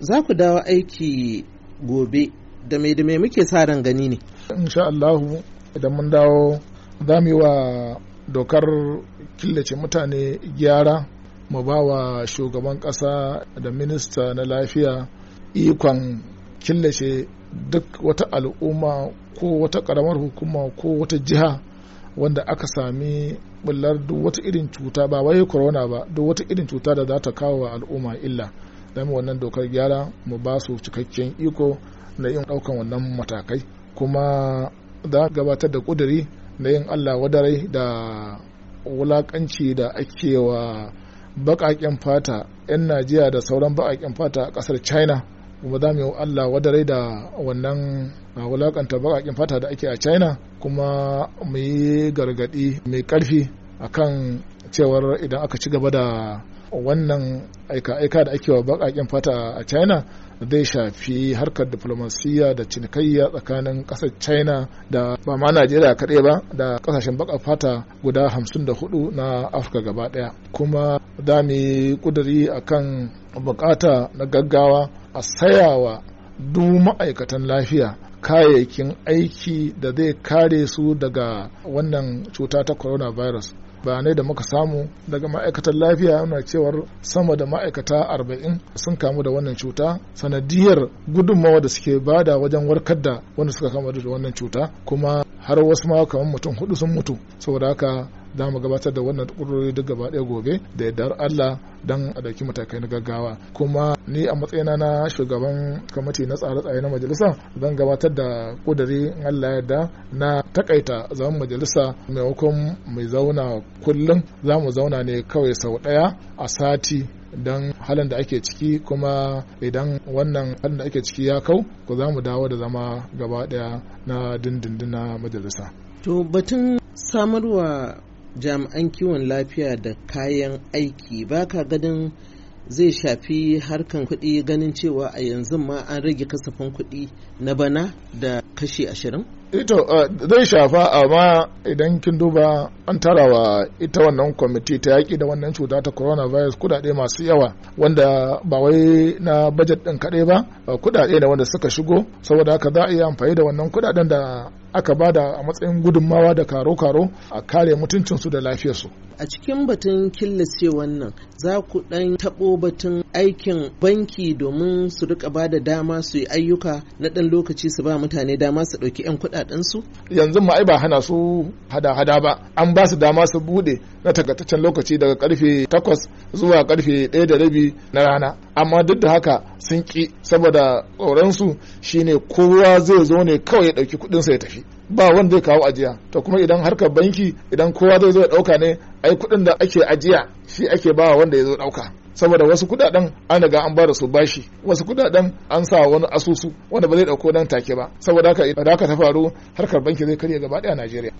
za ku dawo aiki gobe da mai da mai muke sa ran gani ne insha Allah idan mun dawo za mu yi wa dokar killace mutane gyara mu ba wa shugaban ƙasa da minista na lafiya ikon killace duk wata al'umma ko wata ƙaramar hukuma ko wata jiha wanda aka sami bullar duk wata irin cuta ba wai corona ba duk wata irin cuta da za ta kawo wa al'umma illa mu wannan dokar gyara mu ba su cikakken iko na yin daukan wannan matakai kuma za gabatar da ƙuduri na yin allah wadarai da wulakanci da ake wa baƙaƙen fata 'yan najeriya da sauran bakaƙen fata a ƙasar china kuma za mu yi allah wadarai da wannan wulakanta baƙaƙen fata da ake a china kuma mu yi gargaɗi mai ƙarfi akan cewar idan aka ci gaba da wannan aika-aika da ake wa baƙaƙen fata a china zai shafi harkar diflomasiyya da cinikayya tsakanin ƙasar china da ba ma najeriya kaɗai ba da ƙasashen baƙar fata guda 54 na afirka gaba ɗaya kuma za mu yi ƙuduri kan bukata na gaggawa a sayawa duk ma'aikatan lafiya kayayyakin aiki da zai kare su daga wannan cuta ta coronavirus bayanai da muka samu daga ma'aikatan lafiya yana cewar sama da ma'aikata arba'in sun kamu da wannan cuta sanadiyar gudunmawa da suke bada wajen warkar da wanda suka kama da wannan cuta kuma har wasu ma kamar mutum hudu sun mutu saboda haka za mu gabatar da wannan ƙudurori duk gaba ɗaya gobe da yardar Allah don a ɗauki matakai na gaggawa kuma ni a matsayina na shugaban kamati na tsare-tsare na majalisa zan gabatar da ƙudiri in Allah yarda na takaita zaman majalisa maimakon mai zauna kullum za mu zauna ne kawai sau ɗaya a sati don halin da ake ciki kuma idan wannan halin da ake ciki ya kau ku za mu dawo da zama gaba ɗaya na dindindin na majalisa. To batun samarwa jami'an kiwon lafiya da kayan aiki baka ganin zai shafi harkan kuɗi ganin cewa a yanzu ma an rage kasafin kuɗi na bana da kashi ashirin? ito eh eh, zai shafa amma idan kin duba an wa ita wannan kwamiti ta yaƙi da wannan cuta ta coronavirus kudade masu yawa wanda ba wai na bajet din kaɗai ba eh, kudade ne wanda suka shigo saboda haka za a iya amfani da wannan kudaden da aka bada a matsayin gudunmawa da karo-karo a kare mutuncinsu da lafiyarsu. A cikin batun killace wannan za ku ɗan taɓo batun aikin banki domin su rika ba da dama su yi ayyuka na ɗan lokaci su ba mutane dama su ɗauki 'yan kuɗa kudadensu yanzu ma ba hana su hada hada ba an ba su dama su bude na takaitaccen lokaci daga karfe 8 zuwa karfe 1 da rabi na rana amma duk da haka sun ki saboda tsoron su shine kowa zai zo ne kawai ya dauki kudin sa ya tafi ba wanda zai kawo ajiya to kuma idan harkar banki idan kowa zai zo ya dauka ne ai kudin da ake ajiya shi ake bawa wanda ya zo dauka saboda wasu kudaden an riga an bada su bashi wasu kudaden an sa wani asusu wanda ba zai dauko nan take ba saboda haka idan haka ta faru harkar banki zai karye gaba daya Najeriya